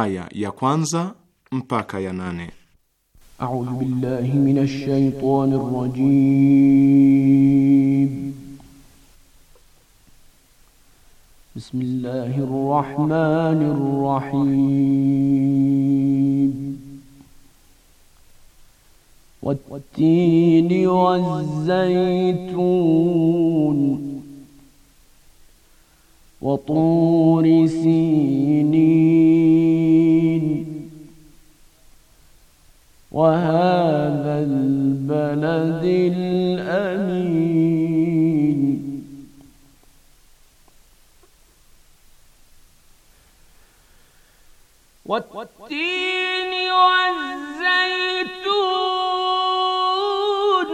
aya ya kwanza mpaka ya nane. A'udhu billahi minash shaitani rrajim. Bismillahir rahmanir rahim. والتين والزيتون وطور سينين وهذا البلد الأمين والتين والزيتون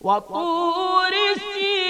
وطور السين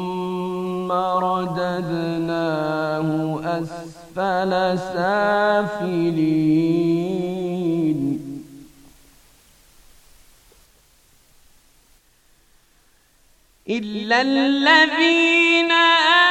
رددناه أسفل سافلين إلا الذين آمنوا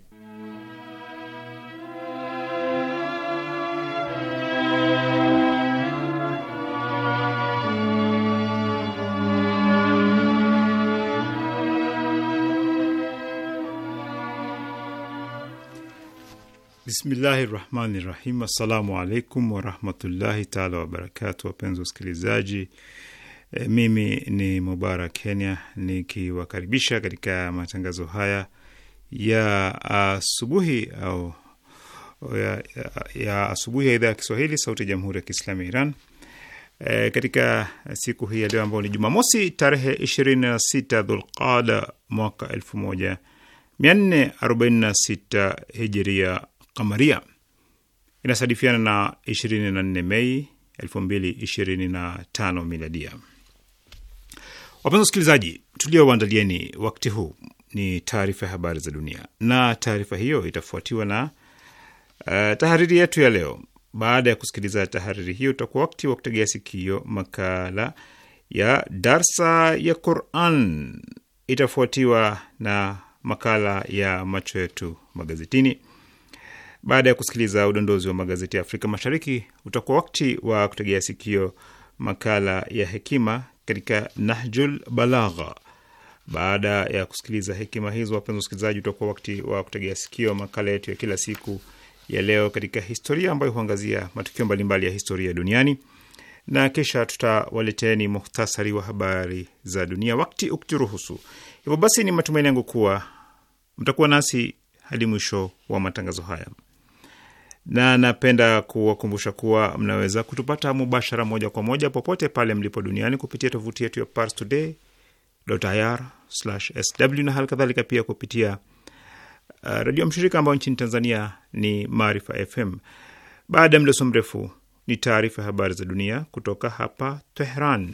Bismillahi rahmani rahim. Assalamu alaikum warahmatullahi taala wabarakatu. Wapenzi wasikilizaji, e, mimi ni Mubarak Kenya nikiwakaribisha katika matangazo haya ya asubuhi au ya, ya, ya asubuhi ya idhaa ya Kiswahili sauti ya jamhuri ya Kiislamu ya Iran e, katika siku hii ya leo ambayo ni Jumamosi tarehe 26 Dhulqada mwaka 1446 Hijiria kamaria inasadifiana na 24 Mei 2025 miladia. Wapenzi wasikilizaji, tuliowaandalieni wakati huu ni taarifa ya habari za dunia, na taarifa hiyo itafuatiwa na uh, tahariri yetu ya leo. Baada ya kusikiliza tahariri hiyo, utakuwa wakati wa kutegea sikio makala ya darsa ya Quran, itafuatiwa na makala ya macho yetu magazetini baada ya kusikiliza udondozi wa magazeti ya Afrika Mashariki, utakuwa wakati wa kutegea sikio makala ya hekima katika Nahjul Balagha. Baada ya kusikiliza hekima hizo, wapenzi wasikilizaji, utakuwa wakati wa kutegea sikio makala yetu ya kila siku ya leo katika historia, ambayo huangazia matukio mbalimbali ya historia duniani, na kisha tutawaleteni muhtasari wa habari za dunia wakati ukituruhusu. Hivyo basi, ni matumaini yangu kuwa mtakuwa nasi hadi mwisho wa matangazo haya na napenda kuwakumbusha kuwa mnaweza kutupata mubashara moja kwa moja popote pale mlipo duniani kupitia tovuti yetu ya parstoday.ir/sw na hali kadhalika pia kupitia uh, redio mshirika ambayo nchini Tanzania ni Maarifa FM. Baada ya mdoso mrefu ni taarifa ya habari za dunia kutoka hapa Tehran.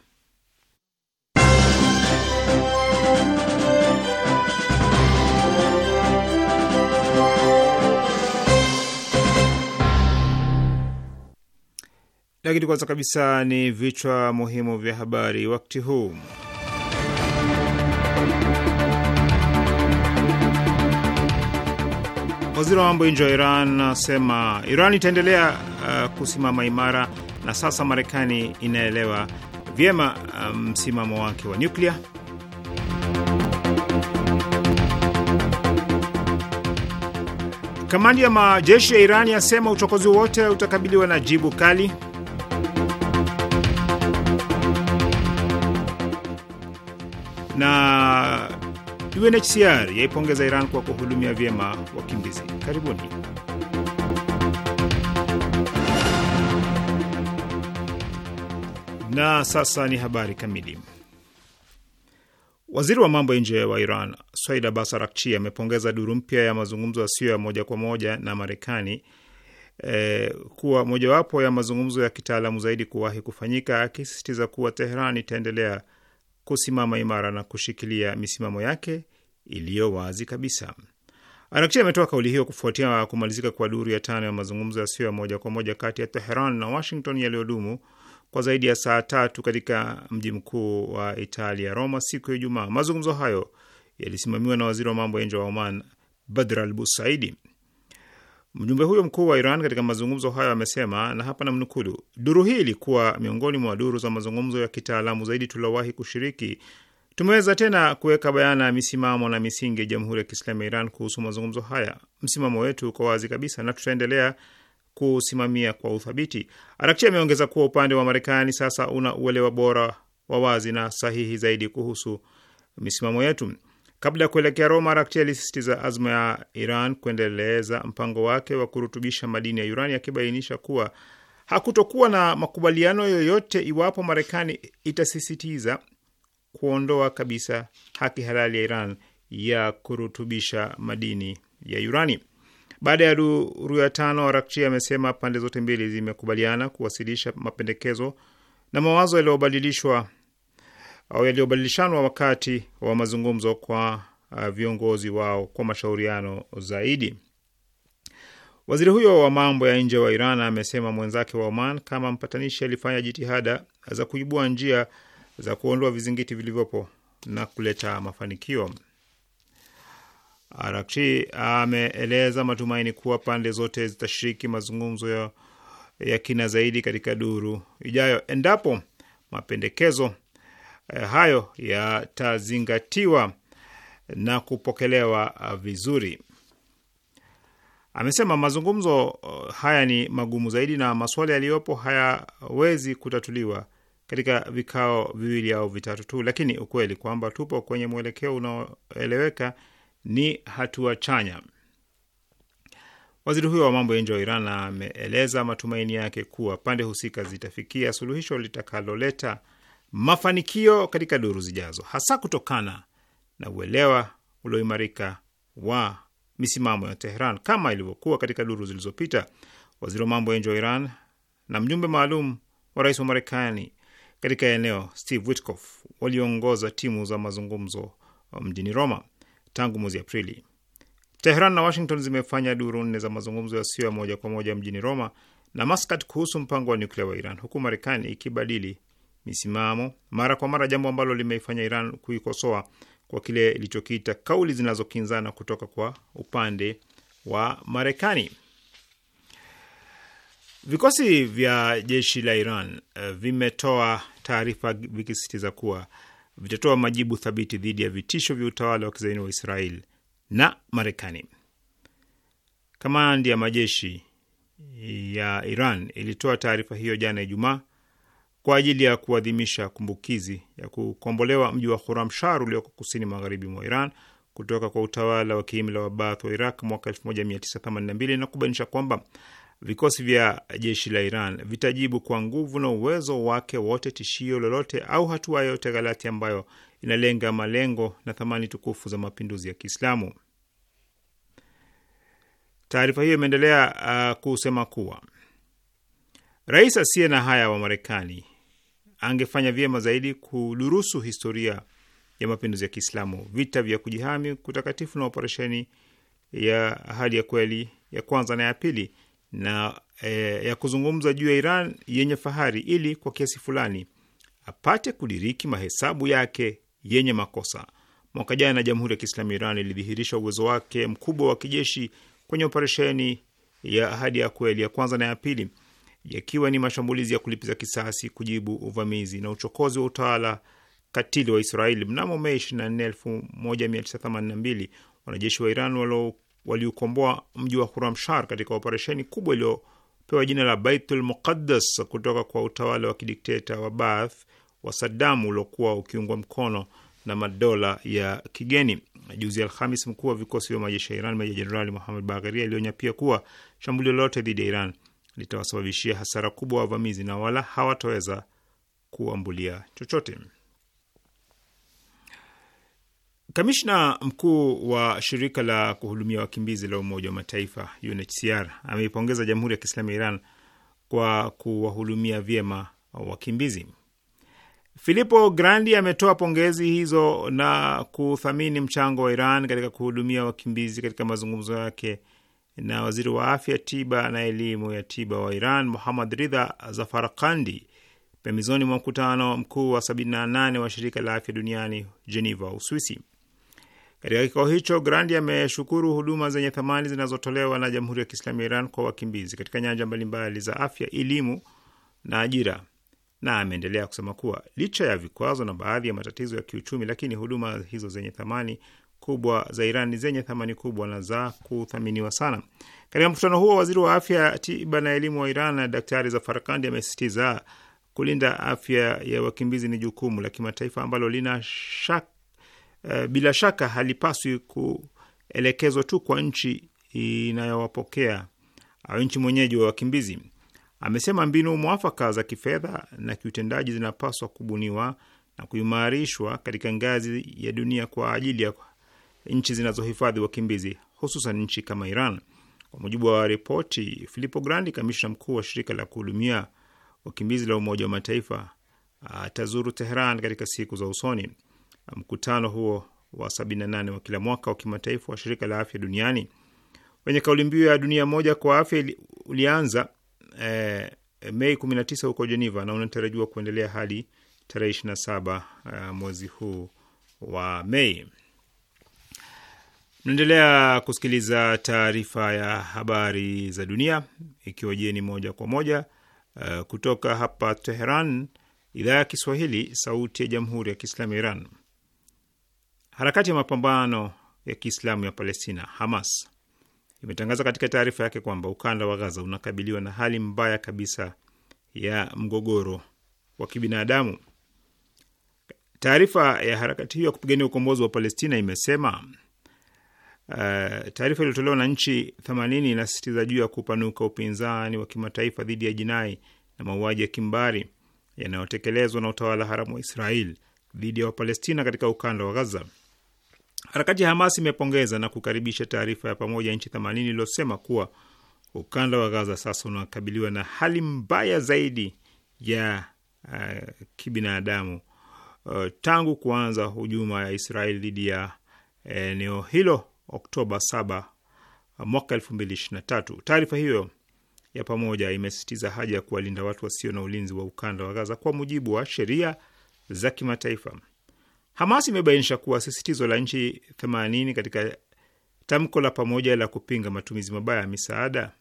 Lakini kwanza kabisa ni vichwa muhimu vya habari wakati huu. Waziri wa mambo nje wa Iran anasema Iran itaendelea uh, kusimama imara na sasa Marekani inaelewa vyema uh, msimamo um, wake wa nyuklia. Kamandi ya majeshi ya Iran yasema uchokozi wote utakabiliwa na jibu kali. na UNHCR yaipongeza Iran kwa kuhudumia vyema wakimbizi. Karibuni. Na sasa ni habari kamili. Waziri wa mambo ya nje wa Iran Said Abbas Araghchi amepongeza duru mpya ya mazungumzo yasiyo ya moja kwa moja na Marekani eh, kuwa mojawapo ya mazungumzo ya kitaalamu zaidi kuwahi kufanyika, akisisitiza kuwa Tehran itaendelea kusimama imara na kushikilia misimamo yake iliyo wazi kabisa. Arakchi ametoa kauli hiyo kufuatia kumalizika kwa duru ya tano ya mazungumzo yasiyo ya moja kwa moja kati ya Teheran na Washington yaliyodumu kwa zaidi ya saa tatu katika mji mkuu wa Italia, Roma, siku ya Ijumaa. Mazungumzo hayo yalisimamiwa na waziri wa mambo ya nje wa Oman, Badr al Busaidi. Mjumbe huyo mkuu wa Iran katika mazungumzo hayo amesema, na hapa namnukulu: duru hii ilikuwa miongoni mwa duru za mazungumzo ya kitaalamu zaidi tuliowahi kushiriki. Tumeweza tena kuweka bayana misimamo na misingi ya Jamhuri ya Kiislamu ya Iran kuhusu mazungumzo haya. Msimamo wetu uko wazi kabisa na tutaendelea kusimamia kwa uthabiti. Arakchi ameongeza kuwa upande wa Marekani sasa una uelewa bora wa wazi na sahihi zaidi kuhusu misimamo yetu. Kabla ya kuelekea Roma, Rakti alisisitiza azma ya Iran kuendeleza mpango wake wa kurutubisha madini ya urani, akibainisha kuwa hakutokuwa na makubaliano yoyote iwapo Marekani itasisitiza kuondoa kabisa haki halali ya Iran ya kurutubisha madini ya urani. Baada ya duru ya tano, Arakchi amesema pande zote mbili zimekubaliana kuwasilisha mapendekezo na mawazo yaliyobadilishwa au yaliyobadilishanwa wakati wa mazungumzo kwa uh, viongozi wao kwa mashauriano zaidi. Waziri huyo wa mambo ya nje wa Iran amesema mwenzake wa Oman kama mpatanishi alifanya jitihada za kuibua njia za kuondoa vizingiti vilivyopo na kuleta mafanikio. Arakchi ameeleza matumaini kuwa pande zote zitashiriki mazungumzo ya, ya kina zaidi katika duru ijayo endapo mapendekezo Eh, hayo yatazingatiwa na kupokelewa eh, vizuri. Amesema mazungumzo eh, haya ni magumu zaidi na maswala yaliyopo hayawezi kutatuliwa katika vikao viwili au vitatu tu, lakini ukweli kwamba tupo kwenye mwelekeo unaoeleweka ni hatua chanya. Waziri huyo wa mambo ya nje wa Iran ameeleza matumaini yake kuwa pande husika zitafikia suluhisho litakaloleta mafanikio katika duru zijazo, hasa kutokana na uelewa ulioimarika wa misimamo ya Tehran kama ilivyokuwa katika duru zilizopita. Waziri wa mambo ya nje wa Iran na mjumbe maalum wa rais wa Marekani katika eneo Steve Witkoff waliongoza timu za mazungumzo mjini Roma tangu mwezi Aprili. Tehran na Washington zimefanya duru nne za mazungumzo yasiyo ya moja kwa moja mjini Roma na Maskat kuhusu mpango wa nyuklia wa Iran, huku Marekani ikibadili misimamo mara kwa mara, jambo ambalo limeifanya Iran kuikosoa kwa kile ilichokiita kauli zinazokinzana kutoka kwa upande wa Marekani. Vikosi vya jeshi la Iran eh, vimetoa taarifa vikisisitiza kuwa vitatoa majibu thabiti dhidi ya vitisho vya utawala wa kizaini wa Israel na Marekani. Kamandi ya majeshi ya Iran ilitoa taarifa hiyo jana Ijumaa kwa ajili ya kuadhimisha kumbukizi ya kukombolewa mji wa Khurramshar ulioko kusini magharibi mwa Iran kutoka kwa utawala wa kiimla wa Baath wa Iraq mwaka 1982 na kubainisha kwamba vikosi vya jeshi la Iran vitajibu kwa nguvu na uwezo wake wote tishio lolote au hatua yoyote ghalati ambayo inalenga malengo na thamani tukufu za mapinduzi ya Kiislamu. Taarifa hiyo imeendelea uh, kusema kuwa rais asiye na haya wa Marekani angefanya vyema zaidi kudurusu historia ya mapinduzi ya Kiislamu, vita vya kujihami kutakatifu na operesheni ya hali ya kweli ya kwanza na ya pili na e, ya kuzungumza juu ya Iran yenye fahari, ili kwa kiasi fulani apate kudiriki mahesabu yake yenye makosa. Mwaka jana Jamhuri ya Kiislamu Iran ilidhihirisha uwezo wake mkubwa wa kijeshi kwenye operesheni ya ahadi ya kweli ya kwanza na ya pili yakiwa ni mashambulizi ya kulipiza kisasi kujibu uvamizi na uchokozi wa utawala katili wa Israeli. Mnamo Mei 24, 1982 wanajeshi wa Iran waliukomboa mji wa Huramshar katika operesheni kubwa iliyopewa jina la Baitul Muqaddas kutoka kwa utawala wa kidikteta wa Baath wa Sadamu uliokuwa ukiungwa mkono na madola ya kigeni. Juzi Alhamis, mkuu wa vikosi vya majeshi ya Iran Meja Jenerali Muhamed Bagheri alionyapia kuwa shambulio lolote dhidi ya Iran litawasababishia hasara kubwa wavamizi na wala hawataweza kuambulia chochote. Kamishna mkuu wa shirika la kuhudumia wakimbizi la Umoja wa Mataifa UNHCR ameipongeza Jamhuri ya Kiislamu ya Iran kwa kuwahudumia vyema wakimbizi. Filippo Grandi ametoa pongezi hizo na kuthamini mchango wa Iran katika kuhudumia wakimbizi katika mazungumzo yake na waziri wa afya tiba na elimu ya tiba wa Iran Muhammad Ridha Zafarkandi pembezoni mwa mkutano mkuu wa 78 wa shirika la afya duniani Geneva, Uswisi. Katika kikao hicho, Grandi ameshukuru huduma zenye thamani zinazotolewa na Jamhuri ya Kiislamu ya Iran kwa wakimbizi katika nyanja mbalimbali za afya, elimu na ajira, na ameendelea kusema kuwa licha ya vikwazo na baadhi ya matatizo ya kiuchumi, lakini huduma hizo zenye thamani kubwa za Iran ni zenye thamani kubwa na za kuthaminiwa sana. Katika mkutano huo, waziri wa afya, tiba na elimu wa Iran Daktari Zafarkandi amesisitiza kulinda afya ya wakimbizi ni jukumu la kimataifa ambalo lina shak, e, bila shaka halipaswi kuelekezwa tu kwa nchi inayowapokea au nchi mwenyeji wa wakimbizi. Amesema mbinu mwafaka za kifedha na kiutendaji zinapaswa kubuniwa na kuimarishwa katika ngazi ya dunia kwa ajili ya nchi zinazohifadhi wakimbizi, hususan nchi kama Iran. Kwa mujibu wa ripoti, Filippo Grandi, kamishna mkuu wa shirika la kuhudumia wakimbizi la Umoja wa Mataifa, atazuru Teheran katika siku za usoni. Mkutano huo wa 78 wa kila mwaka wa kimataifa wa shirika la afya duniani wenye kauli mbiu ya dunia moja kwa afya ulianza eh, Mei 19 huko Geneva na unatarajiwa kuendelea hadi tarehe 27 eh, mwezi huu wa Mei. Mnaendelea kusikiliza taarifa ya habari za dunia ikiwa jieni moja kwa moja uh, kutoka hapa Teheran, idhaa ya Kiswahili, sauti ya jamhuri ya kiislamu ya Iran. Harakati ya mapambano ya kiislamu ya Palestina, Hamas, imetangaza katika taarifa yake kwamba ukanda wa Gaza unakabiliwa na hali mbaya kabisa ya mgogoro wa kibinadamu. Taarifa ya harakati hiyo ya kupigania ukombozi wa Palestina imesema Uh, taarifa iliyotolewa na nchi 80 inasisitiza juu ya kupanuka upinzani wa kimataifa dhidi ya jinai na mauaji ya kimbari yanayotekelezwa na utawala haramu wa Israel dhidi ya Wapalestina katika ukanda wa Gaza. Harakati ya Hamas imepongeza na kukaribisha taarifa ya pamoja nchi 80 iliyosema kuwa ukanda wa Gaza sasa unakabiliwa na hali mbaya zaidi ya uh, kibinadamu uh, tangu kuanza hujuma ya Israel dhidi ya eneo uh, hilo Oktoba 7 uh, mwaka 2023. Taarifa hiyo ya pamoja imesisitiza haja ya kuwalinda watu wasio na ulinzi wa ukanda wa Gaza kwa mujibu wa sheria za kimataifa. Hamas imebainisha kuwa sisitizo la nchi 80 katika tamko la pamoja la kupinga matumizi mabaya ya misaada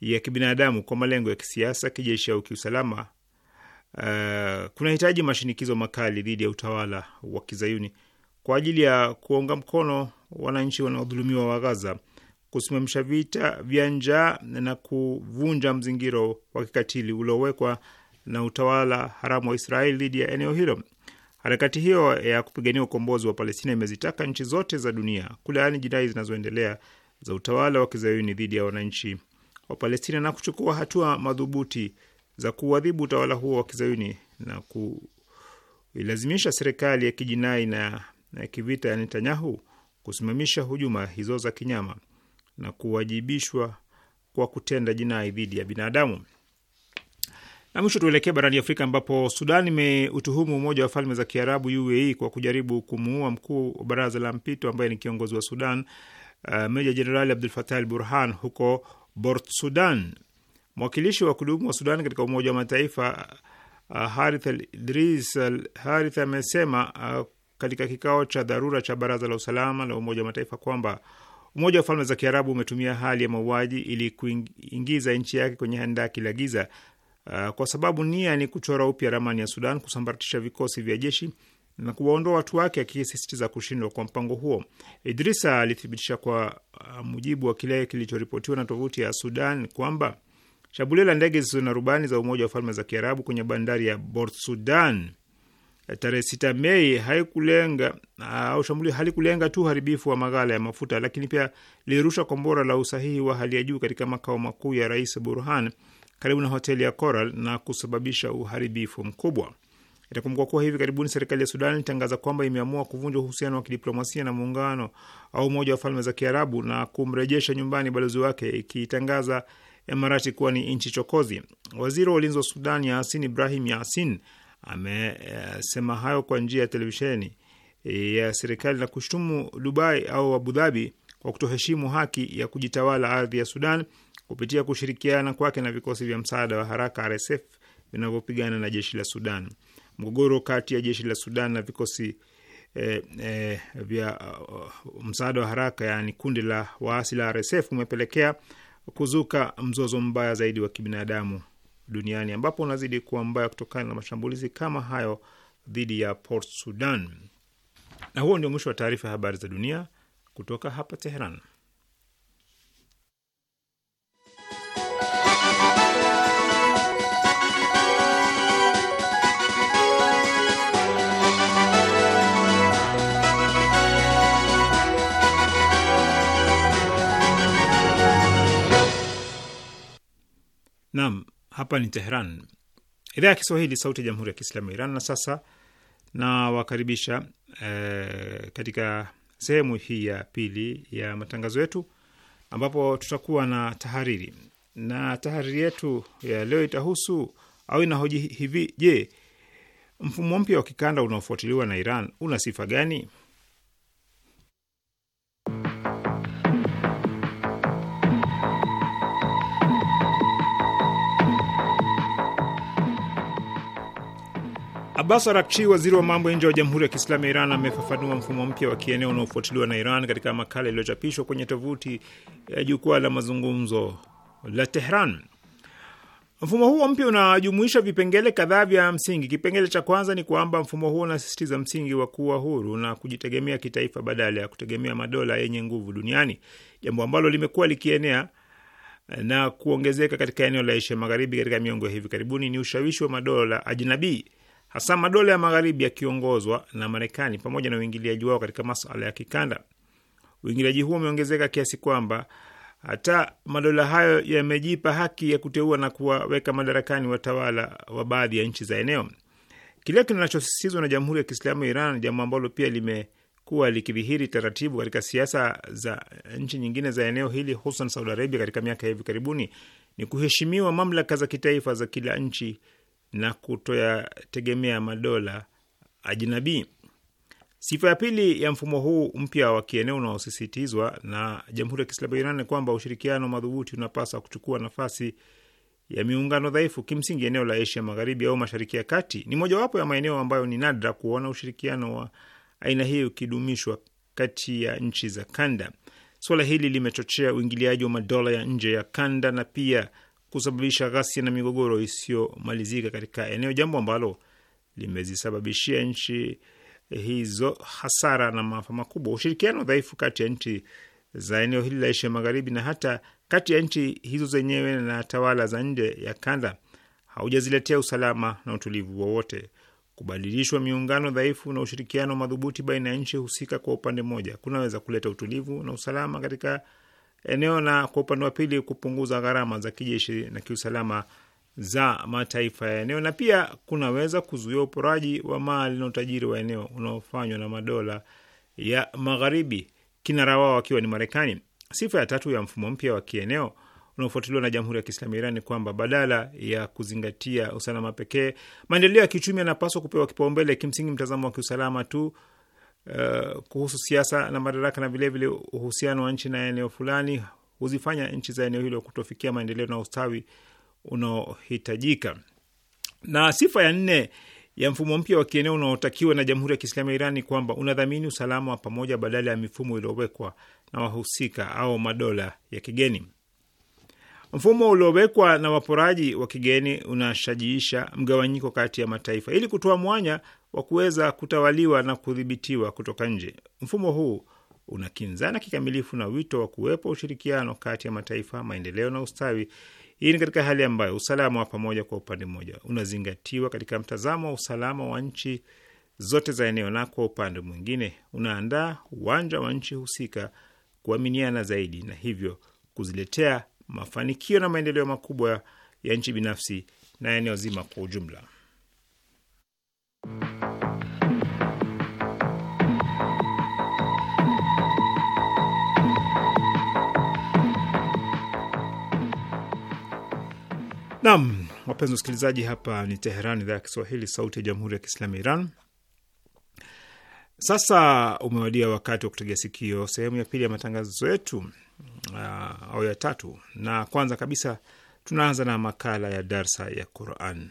ya kibinadamu kwa malengo ya kisiasa, kijeshi au kiusalama, uh, kunahitaji mashinikizo makali dhidi ya utawala wa kizayuni kwa ajili ya kuunga mkono wananchi wanaodhulumiwa wa Gaza, kusimamisha vita vya njaa na kuvunja mzingiro wa kikatili uliowekwa na utawala haramu wa Israeli dhidi ya eneo hilo. Harakati hiyo ya kupigania ukombozi wa Palestina imezitaka nchi zote za dunia kulaani jinai zinazoendelea za utawala wa kizayuni dhidi ya wananchi wa Palestina na kuchukua hatua madhubuti za kuadhibu utawala huo wa kizayuni na kuilazimisha serikali ya kijinai na na kivita ya Netanyahu kusimamisha hujuma hizo za kinyama na kuwajibishwa kwa kutenda jinai dhidi ya binadamu. Na mwisho tuelekee barani Afrika ambapo Sudan imeutuhumu Umoja wa Falme za Kiarabu UAE kwa kujaribu kumuua mkuu wa baraza la mpito ambaye ni kiongozi wa Sudan uh, Meja Jenerali Abdul Fatah al Burhan huko Port Sudan. Mwakilishi wa kudumu wa Sudan katika Umoja wa Mataifa uh, Harith Idris al Harith amesema uh, katika kikao cha dharura cha Baraza la Usalama la Umoja wa Mataifa kwamba Umoja wa Falme za Kiarabu umetumia hali ya mauaji ili kuingiza nchi yake kwenye handaki la giza, uh, kwa sababu nia ni kuchora upya ramani ya Sudan, kusambaratisha vikosi vya jeshi na kuwaondoa watu wake, akisisitiza kushindwa kwa mpango huo. Idrisa alithibitisha kwa uh, mujibu wa kile kilichoripotiwa na tovuti ya Sudan kwamba shambulio la ndege zisizo na rubani za Umoja wa Falme za Kiarabu kwenye bandari ya Port Sudan Eh, tarehe sita Mei haikulenga au shambulio halikulenga tu uharibifu wa maghala ya mafuta, lakini pia lilirusha kombora la usahihi wa hali ya juu katika makao makuu ya Rais Burhan karibu na hoteli ya Coral na kusababisha uharibifu mkubwa. Itakumbukwa kuwa hivi karibuni serikali ya Sudan ilitangaza kwamba imeamua kuvunja uhusiano wa kidiplomasia na muungano au Umoja wa Falme za Kiarabu na kumrejesha nyumbani balozi wake ikitangaza Emarati kuwa ni nchi chokozi. Waziri wa ulinzi wa Sudan Yasin Ibrahim Yasin amesema hayo kwa njia ya televisheni e, ya serikali na kushutumu Dubai au Abu Dhabi kwa kutoheshimu haki ya kujitawala ardhi ya Sudan kupitia kushirikiana kwake na vikosi vya msaada wa haraka RSF vinavyopigana na jeshi la Sudan. Mgogoro kati ya jeshi la Sudan na vikosi eh, eh, vya uh, msaada wa haraka yaani kundi la waasi la RSF umepelekea kuzuka mzozo mbaya zaidi wa kibinadamu duniani ambapo unazidi kuwa mbaya kutokana na mashambulizi kama hayo dhidi ya Port Sudan. Na huo ndio mwisho wa taarifa ya habari za dunia kutoka hapa Teheran. Nam, hapa ni Tehran, idhaa ya Kiswahili, sauti ya jamhuri ya kiislamu ya Iran. Na sasa nawakaribisha eh, katika sehemu hii ya pili ya matangazo yetu ambapo tutakuwa na tahariri, na tahariri yetu ya leo itahusu au inahoji hivi: Je, mfumo mpya wa kikanda unaofuatiliwa na Iran una sifa gani? Abbas Arakchi, waziri wa mambo ya nje wa Jamhuri ya Kiislamu ya Iran, amefafanua mfumo mpya wa kieneo unaofuatiliwa na Iran katika makala iliyochapishwa kwenye tovuti ya jukwaa la mazungumzo la Tehran. Mfumo huo mpya unajumuisha vipengele kadhaa vya msingi. Kipengele cha kwanza ni kwamba mfumo huo unasisitiza msingi wa kuwa huru na kujitegemea kitaifa badala ya kutegemea madola yenye nguvu duniani, jambo ambalo limekuwa likienea na kuongezeka katika eneo la Asia Magharibi katika miongo ya hivi karibuni. Ni ushawishi wa madola ajnabii hasa madola ya magharibi yakiongozwa na Marekani pamoja na uingiliaji wao katika masuala ya kikanda. Uingiliaji huo umeongezeka kiasi kwamba hata madola hayo yamejipa haki ya kuteua na kuwaweka madarakani watawala wa baadhi ya nchi za eneo. Kile kinachosisitizwa na Jamhuri ya Kiislamu ya Iran, jambo ambalo pia limekuwa likidhihiri taratibu katika siasa za nchi nyingine za eneo hili, hususan Saudi Arabia katika miaka ya hivi karibuni, ni kuheshimiwa mamlaka za kitaifa za kila nchi na kutoyategemea madola ajinabi. Sifa ya pili ya mfumo huu mpya wa kieneo unaosisitizwa na Jamhuri ya Kiislamu ya Iran ni kwamba ushirikiano madhubuti unapaswa kuchukua nafasi ya miungano dhaifu. Kimsingi, eneo la Asia Magharibi au Mashariki ya Kati ni mojawapo ya maeneo ambayo ni nadra kuona ushirikiano wa aina hii ukidumishwa kati ya nchi za kanda. Suala hili limechochea uingiliaji wa madola ya nje ya kanda na pia kusababisha ghasia na migogoro isiyomalizika katika eneo, jambo ambalo limezisababishia nchi hizo hasara na maafa makubwa. Ushirikiano dhaifu kati ya nchi za eneo hili la Asia Magharibi na hata kati ya nchi hizo zenyewe na tawala za nje ya kanda haujaziletea usalama na utulivu wowote. Kubadilishwa miungano dhaifu na ushirikiano madhubuti baina ya nchi husika kwa upande mmoja kunaweza kuleta utulivu na usalama katika eneo na kwa upande wa pili kupunguza gharama za kijeshi na kiusalama za mataifa ya eneo, na pia kunaweza kuzuia uporaji wa mali na utajiri wa eneo unaofanywa na madola ya Magharibi, kinara wao wakiwa ni Marekani. Sifa ya tatu ya mfumo mpya wa kieneo unaofuatiliwa na Jamhuri ya Kiislamu ya Iran ni kwamba badala ya kuzingatia usalama pekee, maendeleo ya kiuchumi yanapaswa kupewa kipaumbele, kimsingi mtazamo wa kiusalama tu Eh, kuhusu siasa na madaraka na vilevile uhusiano wa nchi na eneo fulani huzifanya nchi za eneo hilo kutofikia maendeleo na ustawi unaohitajika. Na sifa ya nne ya mfumo mpya wa kieneo unaotakiwa na Jamhuri ya Kiislamu ya Iran ni kwamba unadhamini usalama wa pamoja badala ya mifumo iliyowekwa na wahusika au madola ya kigeni. Mfumo uliowekwa na waporaji wa kigeni unashajiisha mgawanyiko kati ya mataifa ili kutoa mwanya wa kuweza kutawaliwa na kudhibitiwa kutoka nje. Mfumo huu unakinzana kikamilifu na wito wa kuwepo ushirikiano kati ya mataifa, maendeleo na ustawi. Hii ni katika hali ambayo usalama wa pamoja kwa upande mmoja unazingatiwa katika mtazamo wa usalama wa nchi zote za eneo, na kwa upande mwingine unaandaa uwanja wa nchi husika kuaminiana zaidi na hivyo kuziletea mafanikio na maendeleo makubwa ya nchi binafsi na eneo zima kwa ujumla. Naam, wapenzi wasikilizaji, hapa ni Teheran, idhaa ya Kiswahili, sauti ya jamhuri ya kiislamu ya Iran. Sasa umewadia wakati wa kutegea sikio sehemu ya pili ya matangazo yetu uh, au ya tatu, na kwanza kabisa tunaanza na makala ya darsa ya Quran.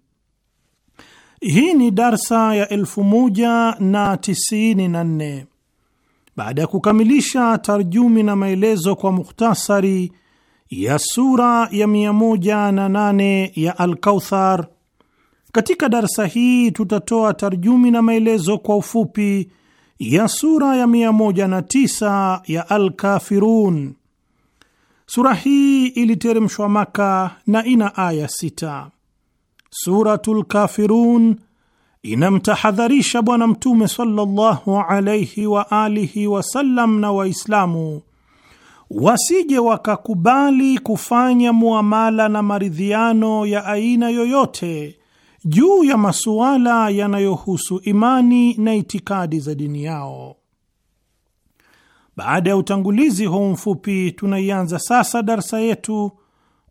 Hii ni darsa ya nne. baada ya kukamilisha tarjumi na maelezo kwa mukhtasari ya sura ya nane ya Al-Kauthar. Katika darsa hii tutatoa tarjumi na maelezo kwa ufupi ya sura ya tisa ya Al-Kafirun. Sura hii iliteremshwa Maka na ina aya sita. Suratul Kafirun inamtahadharisha Bwana Mtume sallallahu alayhi wa alihi wasallam na Waislamu wasije wakakubali kufanya muamala na maridhiano ya aina yoyote juu ya masuala yanayohusu imani na itikadi za dini yao. Baada ya utangulizi huu mfupi, tunaianza sasa darsa yetu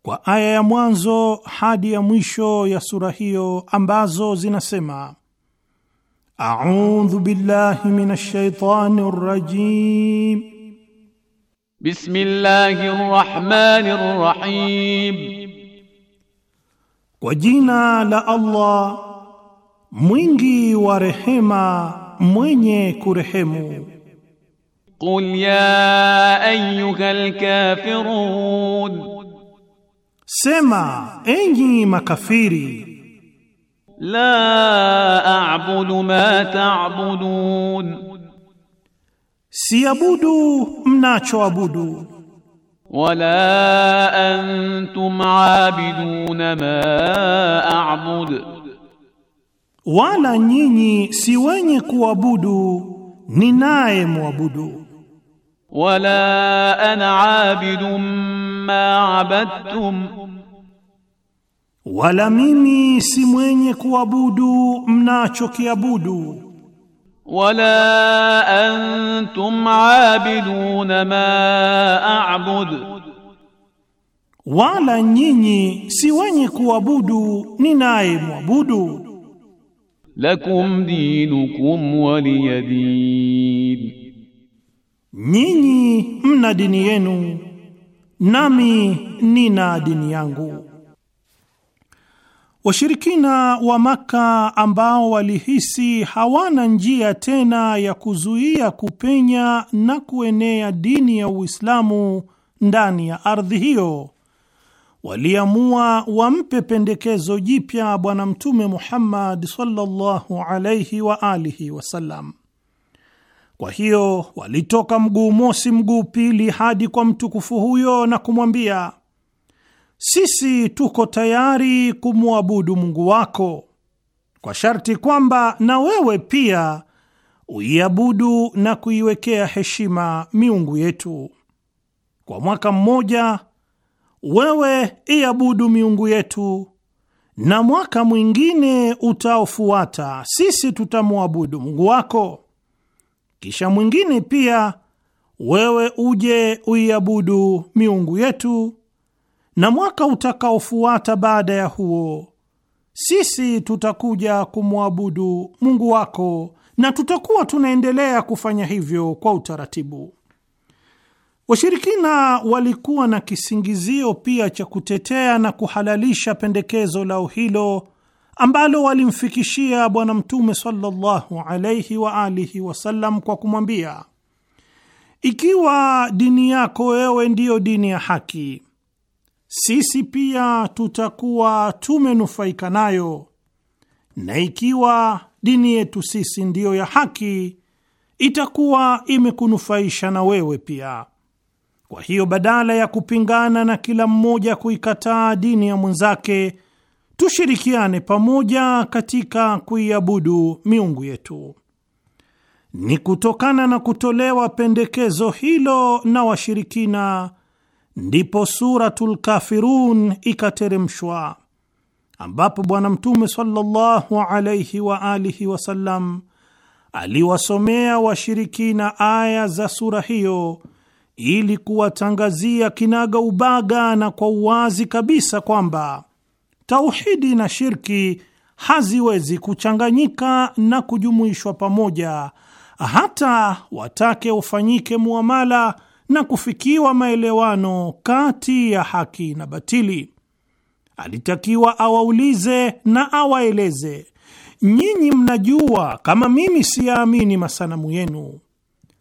kwa aya ya mwanzo hadi ya mwisho ya sura hiyo ambazo zinasema: audhu billahi minash shaitani rajim, bismillahir rahmanir rahim, kwa jina la Allah mwingi wa rehema mwenye kurehemu. Qul ya ayyuhal kafirun Sema, enyi makafiri, la a'budu ma ta'budun, siabudu mnachoabudu, wala antum aabiduna ma a'bud, wala nyinyi si wenye kuabudu ninaye muabudu, wala ana aabidum ma abadtum wala mimi si mwenye kuabudu mnachokiabudu, wala antum aabiduna ma a'bud, wala nyinyi si wenye kuabudu naye mwabudu. Lakum dinukum waliyadin, nyinyi mna dini yenu nami nina dini yangu. Washirikina wa Maka ambao walihisi hawana njia tena ya kuzuia kupenya na kuenea dini ya Uislamu ndani ya ardhi hiyo, waliamua wampe pendekezo jipya Bwana Mtume Muhammad sallallahu wa alihi wasallam. Kwa hiyo walitoka mguu mosi mguu pili hadi kwa mtukufu huyo na kumwambia sisi tuko tayari kumwabudu Mungu wako kwa sharti kwamba na wewe pia uiabudu na kuiwekea heshima miungu yetu. Kwa mwaka mmoja wewe iabudu miungu yetu, na mwaka mwingine utaofuata sisi tutamwabudu Mungu wako, kisha mwingine pia wewe uje uiabudu miungu yetu na mwaka utakaofuata baada ya huo sisi tutakuja kumwabudu Mungu wako na tutakuwa tunaendelea kufanya hivyo kwa utaratibu. Washirikina walikuwa na kisingizio pia cha kutetea na kuhalalisha pendekezo lao hilo ambalo walimfikishia Bwana Mtume sallallahu alaihi wa alihi wasallam kwa kumwambia, ikiwa dini yako wewe ndiyo dini ya haki sisi pia tutakuwa tumenufaika nayo, na ikiwa dini yetu sisi ndiyo ya haki, itakuwa imekunufaisha na wewe pia. Kwa hiyo badala ya kupingana na kila mmoja kuikataa dini ya mwenzake, tushirikiane pamoja katika kuiabudu miungu yetu. Ni kutokana na kutolewa pendekezo hilo na washirikina ndipo Suratul Kafirun ikateremshwa, ambapo Bwana Mtume sallallahu alayhi wa alihi wasallam aliwasomea washirikina aya za sura hiyo ili kuwatangazia kinaga ubaga na kwa uwazi kabisa kwamba tauhidi na shirki haziwezi kuchanganyika na kujumuishwa pamoja, hata watake ufanyike muamala na kufikiwa maelewano kati ya haki na batili. Alitakiwa awaulize na awaeleze, nyinyi mnajua kama mimi siyaamini masanamu yenu,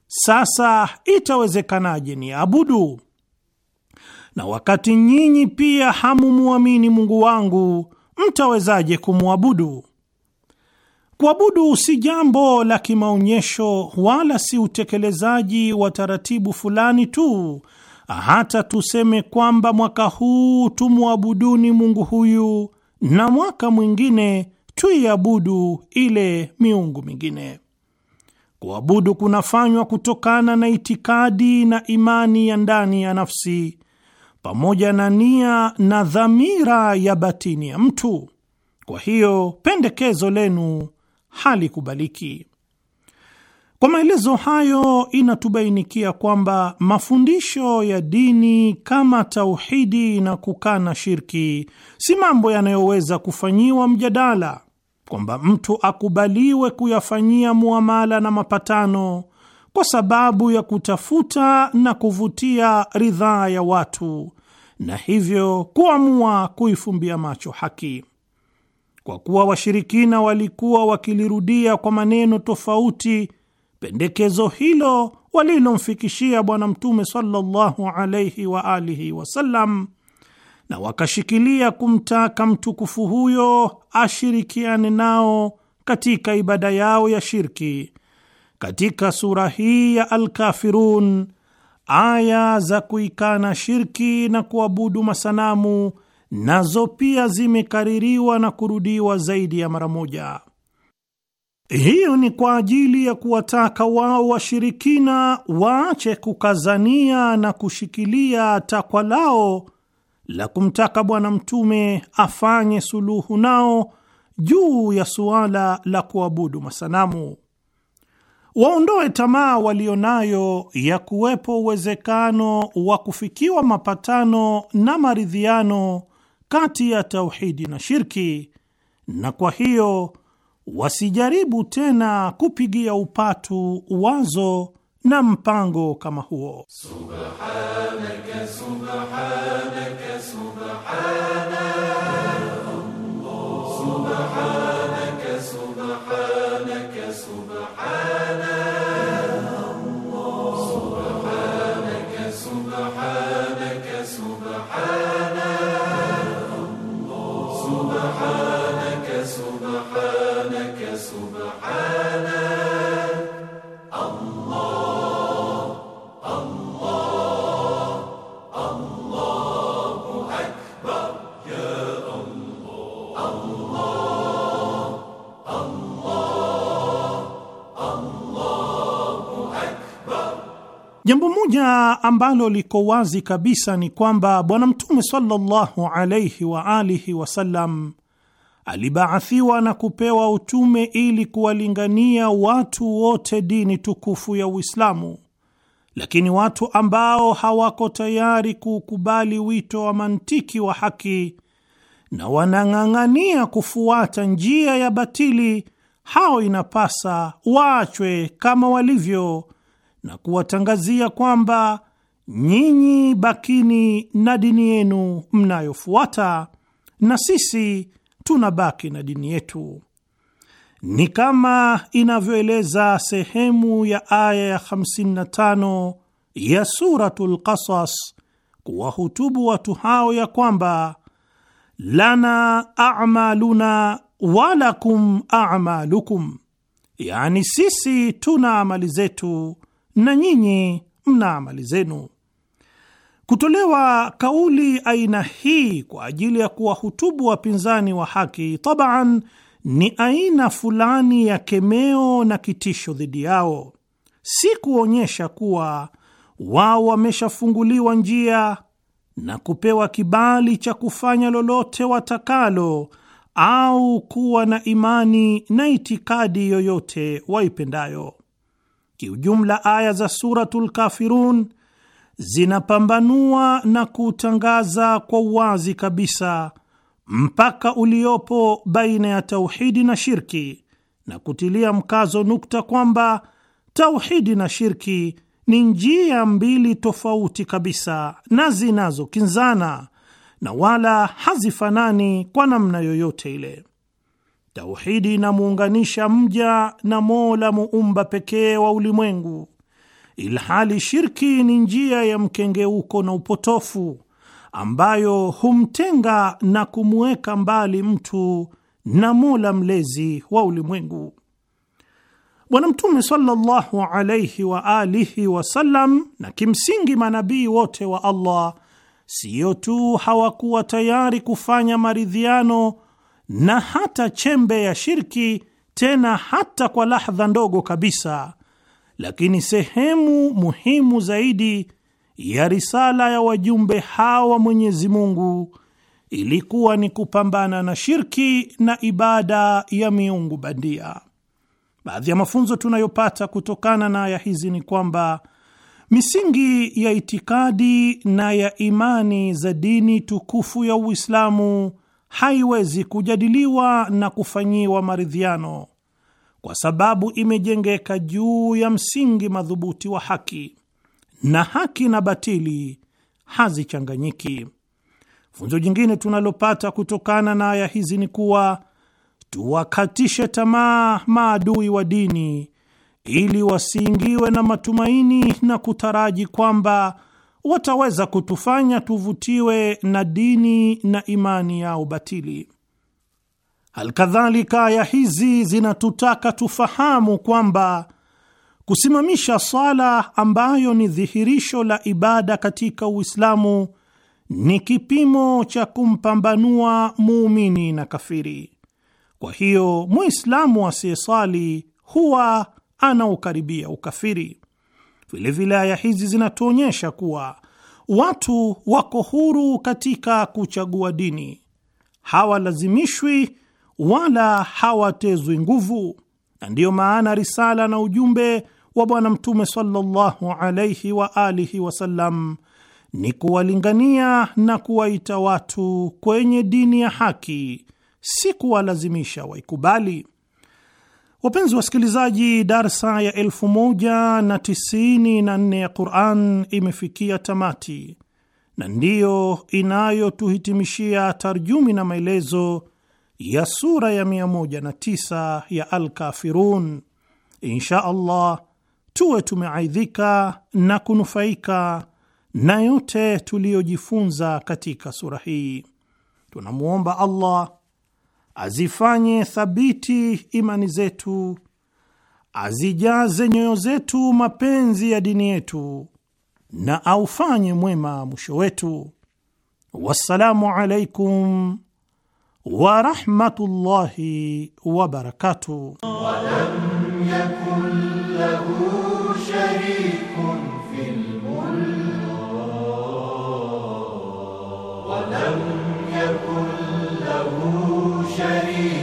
sasa itawezekanaje niabudu? Na wakati nyinyi pia hamumwamini Mungu wangu, mtawezaje kumwabudu? Kuabudu si jambo la kimaonyesho wala si utekelezaji wa taratibu fulani tu. Hata tuseme kwamba mwaka huu tumwabuduni Mungu huyu na mwaka mwingine tuiabudu ile miungu mingine. Kuabudu kunafanywa kutokana na itikadi na imani ya ndani ya nafsi pamoja na nia na dhamira ya batini ya mtu. Kwa hiyo pendekezo lenu halikubaliki. Kwa maelezo hayo inatubainikia kwamba mafundisho ya dini kama tauhidi na kukana shirki si mambo yanayoweza kufanyiwa mjadala, kwamba mtu akubaliwe kuyafanyia muamala na mapatano kwa sababu ya kutafuta na kuvutia ridhaa ya watu na hivyo kuamua kuifumbia macho haki kwa kuwa washirikina walikuwa wakilirudia kwa maneno tofauti pendekezo hilo walilomfikishia Bwana Mtume sallallahu alaihi wa alihi wasallam, na wakashikilia kumtaka mtukufu huyo ashirikiane nao katika ibada yao ya shirki. Katika sura hii ya Alkafirun, aya za kuikana shirki na kuabudu masanamu nazo pia zimekaririwa na kurudiwa zaidi ya mara moja. Hiyo ni kwa ajili ya kuwataka wao washirikina waache kukazania na kushikilia takwa lao la kumtaka Bwana Mtume afanye suluhu nao juu ya suala la kuabudu masanamu. Waondoe tamaa walio nayo ya kuwepo uwezekano wa kufikiwa mapatano na maridhiano kati ya tauhidi na shirki, na kwa hiyo wasijaribu tena kupigia upatu wazo na mpango kama huo. Subhanaka, subhanaka, subhanaka, Allah, subhanaka. Jambo moja ambalo liko wazi kabisa ni kwamba Bwana Mtume sallallahu alaihi wa alihi wasallam alibaathiwa na kupewa utume ili kuwalingania watu wote dini tukufu ya Uislamu, lakini watu ambao hawako tayari kuukubali wito wa mantiki wa haki na wanang'ang'ania kufuata njia ya batili, hao inapasa waachwe kama walivyo na kuwatangazia kwamba nyinyi bakini na dini yenu mnayofuata na sisi tunabaki na dini yetu. Ni kama inavyoeleza sehemu ya aya ya 55 ya Suratul Qasas kuwahutubu watu hao ya kwamba lana amaluna walakum amalukum, yani sisi tuna amali zetu na nyinyi mna amali zenu. Kutolewa kauli aina hii kwa ajili ya kuwahutubu wapinzani wa haki taban ni aina fulani ya kemeo na kitisho dhidi yao, si kuonyesha kuwa wao wameshafunguliwa njia na kupewa kibali cha kufanya lolote watakalo au kuwa na imani na itikadi yoyote waipendayo. Kiujumla, aya za Suratul Kafirun zinapambanua na kutangaza kwa uwazi kabisa mpaka uliopo baina ya tauhidi na shirki na kutilia mkazo nukta kwamba tauhidi na shirki ni njia mbili tofauti kabisa na zinazokinzana na wala hazifanani kwa namna yoyote ile. Tauhidi inamuunganisha mja na Mola muumba pekee wa ulimwengu, ilhali shirki ni njia ya mkengeuko na upotofu ambayo humtenga na kumweka mbali mtu na Mola mlezi wa ulimwengu. Bwana Mtume sallallahu alaihi wa alihi wasallam na kimsingi manabii wote wa Allah siyo tu hawakuwa tayari kufanya maridhiano na hata chembe ya shirki, tena hata kwa lahdha ndogo kabisa. Lakini sehemu muhimu zaidi ya risala ya wajumbe hawa wa Mwenyezi Mungu ilikuwa ni kupambana na shirki na ibada ya miungu bandia. Baadhi ya mafunzo tunayopata kutokana na aya hizi ni kwamba misingi ya itikadi na ya imani za dini tukufu ya Uislamu haiwezi kujadiliwa na kufanyiwa maridhiano kwa sababu imejengeka juu ya msingi madhubuti wa haki, na haki na batili hazichanganyiki. Funzo jingine tunalopata kutokana na aya hizi ni kuwa tuwakatishe tamaa maadui wa dini ili wasiingiwe na matumaini na kutaraji kwamba wataweza kutufanya tuvutiwe na dini na imani yao batili. Alkadhalika, aya hizi zinatutaka tufahamu kwamba kusimamisha swala ambayo ni dhihirisho la ibada katika Uislamu ni kipimo cha kumpambanua muumini na kafiri. Kwa hiyo Muislamu asiyeswali huwa anaukaribia ukafiri. Vilevile aya hizi zinatuonyesha kuwa watu wako huru katika kuchagua dini, hawalazimishwi wala hawatezwi nguvu, na ndiyo maana risala na ujumbe wa Bwana Mtume sallallahu alaihi wa alihi wasallam ni kuwalingania na kuwaita watu kwenye dini ya haki, si kuwalazimisha waikubali. Wapenzi wasikilizaji, darsa ya elfu na na ya Quran imefikia tamati na ndiyo inayotuhitimishia tarjumi na maelezo ya sura ya 109 ya Alkafirun. Insha Allah tuwe tumeaidhika na kunufaika na yote tuliyojifunza katika sura hii. Tunamwomba Allah azifanye thabiti imani zetu, azijaze nyoyo zetu mapenzi ya dini yetu, na aufanye mwema mwisho wetu. Wassalamu alaikum warahmatullahi wabarakatuh. شريك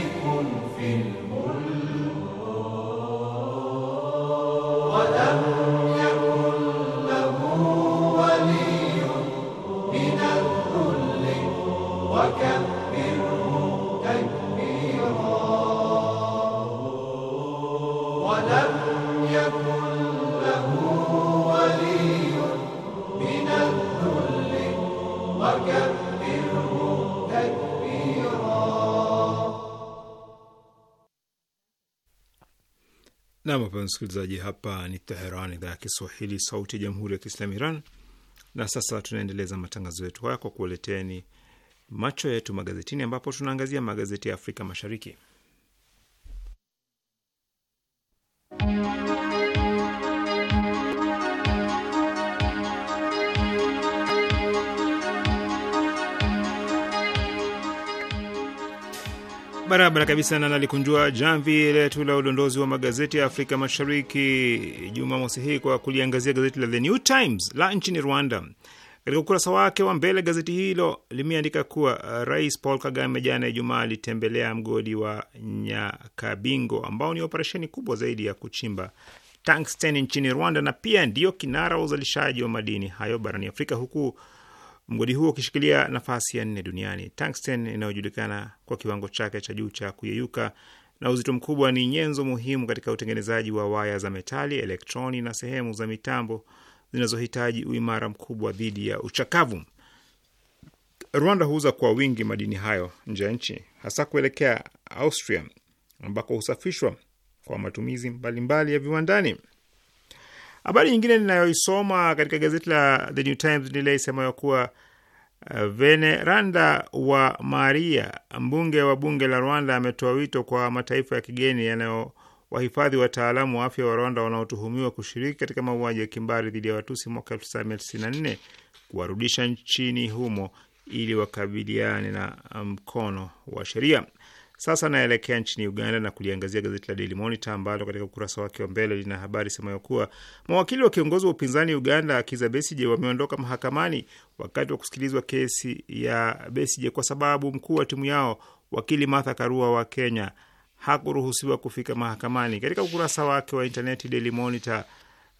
Nam, wapenzi msikilizaji, hapa ni Teheran, idhaa ya Kiswahili, sauti ya jamhuri ya kiislamu Iran. Na sasa tunaendeleza matangazo yetu haya kwa kuwaleteni macho yetu magazetini, ambapo tunaangazia magazeti ya Afrika Mashariki. Barabara kabisa, na nalikunjua jamvi letu la udondozi wa magazeti ya Afrika Mashariki Jumamosi hii kwa kuliangazia gazeti la The New Times la nchini Rwanda. Katika ukurasa wake wa mbele gazeti hilo limeandika kuwa uh, Rais Paul Kagame jana Ijumaa alitembelea mgodi wa Nyakabingo ambao ni operesheni kubwa zaidi ya kuchimba tungsten nchini Rwanda na pia ndiyo kinara wa uzalishaji wa madini hayo barani Afrika, huku Mgodi huo ukishikilia nafasi ya nne duniani. Tungsten inayojulikana kwa kiwango chake cha juu cha kuyeyuka na uzito mkubwa ni nyenzo muhimu katika utengenezaji wa waya za metali, elektroni na sehemu za mitambo zinazohitaji uimara mkubwa dhidi ya uchakavu. Rwanda huuza kwa wingi madini hayo nje ya nchi, hasa kuelekea Austria ambako husafishwa kwa matumizi mbalimbali mbali ya viwandani. Habari nyingine ninayoisoma katika gazeti la The New Times ni ile isemayo kuwa uh, Veneranda wa Maria, mbunge wa bunge la Rwanda, ametoa wito kwa mataifa ya kigeni yanayowahifadhi wataalamu wa afya wa Rwanda wanaotuhumiwa kushiriki katika mauaji ya kimbari dhidi ya Watusi mwaka 1994 kuwarudisha nchini humo ili wakabiliane na mkono wa sheria. Sasa naelekea nchini Uganda na kuliangazia gazeti la Daily Monitor ambalo katika ukurasa wake wa mbele lina habari semayo kuwa mawakili wa kiongozi wa upinzani Uganda Kiza Besije wameondoka mahakamani wakati wa kusikilizwa kesi ya Besije kwa sababu mkuu wa timu yao wakili Martha Karua wa Kenya hakuruhusiwa kufika mahakamani. Katika ukurasa wake wa intaneti, Daily Monitor